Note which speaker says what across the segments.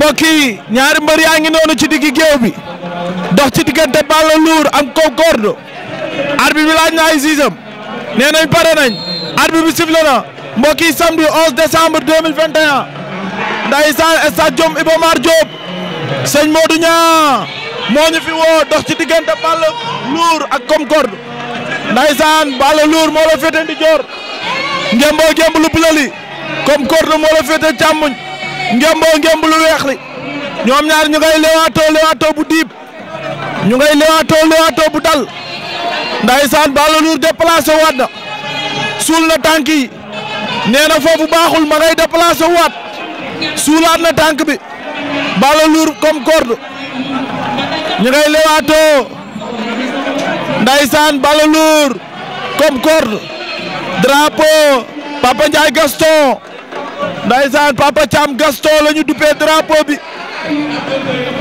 Speaker 1: mbokk yi ñaari mbër yaa ngi noonu ci diggi géew bi dox ci diggante Balla am ak Concorde arbitre bi laaj na ay siisam nee nañ pare nañ arbitre bi sifflé na mbokk yi samedi 11 décembre 2021 ndeysaan stade Diom Iba Mar Diop sëñ Modou Niang moo ñu fi woo dox ci diggante Balla Lour ak Concorde ndeysaan Balla Lour moo la féete ndijoor ngemboo gemb lu bulali Concorde moo la féete càmmuñ ngemboo ngemb lu weex li ñoom ñaar ñu ngay lewaatoo lewaatoo bu diib ñu ngay lewaatoo lewaatoo bu dal ndaysaan Balla Lourd déplacé waat na suul na tànk yi nee na foofu baaxul ma ngay déplacé waat suulaat na tànk bi Balla Lourd comme corde ñu ngay lewaatoo ndaysaan Balla Lourd comme corde drapeau Papa Ndiaye Gaston ndaysaan papa Thiam Gaston la ñu duppee drapeau bi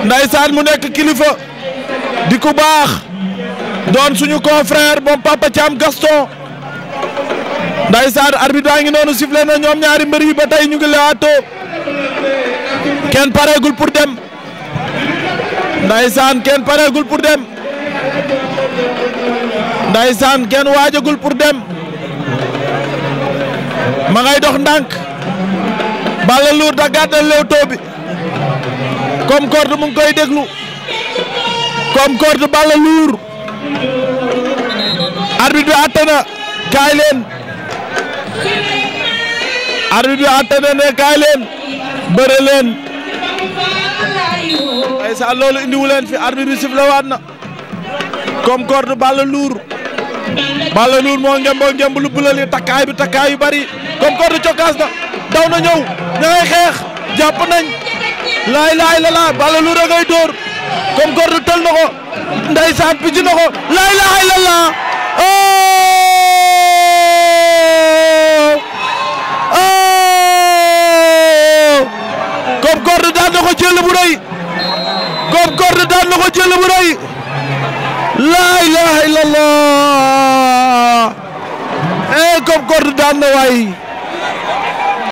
Speaker 1: ndaysaan mu nekk kilifa di ku baax doon suñu confrère moom papa Thiam Gaston ndaysaan arbitre baa ngi noonu sifflé na ñoom ñaari mbër yi ba tey ñu ngi lewaatoo kenn pareegul pour dem ndaysaan kenn pareegul pour dem waajagul pour dem ma ngay dox ndànk Balla Lourd da gàddal Leewtoo bi Concorde mu ngi koy déglu Concorde Balla Lourd arbitre bi àtte na kaay leen arbitre bi àtte na ne kaay leen bëre leen ay sa loolu indiwu fi arbitre bi siflewaat na Concorde Balla Lourd Balla Loul moo ngemboo ngemb lu bulali takkaay bi takkaay yu bari comme ko du cokkaas na daw na ñëw ña ngay xeex jàpp nañ laay laay la laa Balla Loul a ngay dóor comme ko du tël na ko ndeysaan picc na ko laay laay la laa comme ko du daan na ko jël bu rëy comme ko du daan na ko jël bu rëy laa ilaaha illallah Lac de Guiers daan na waay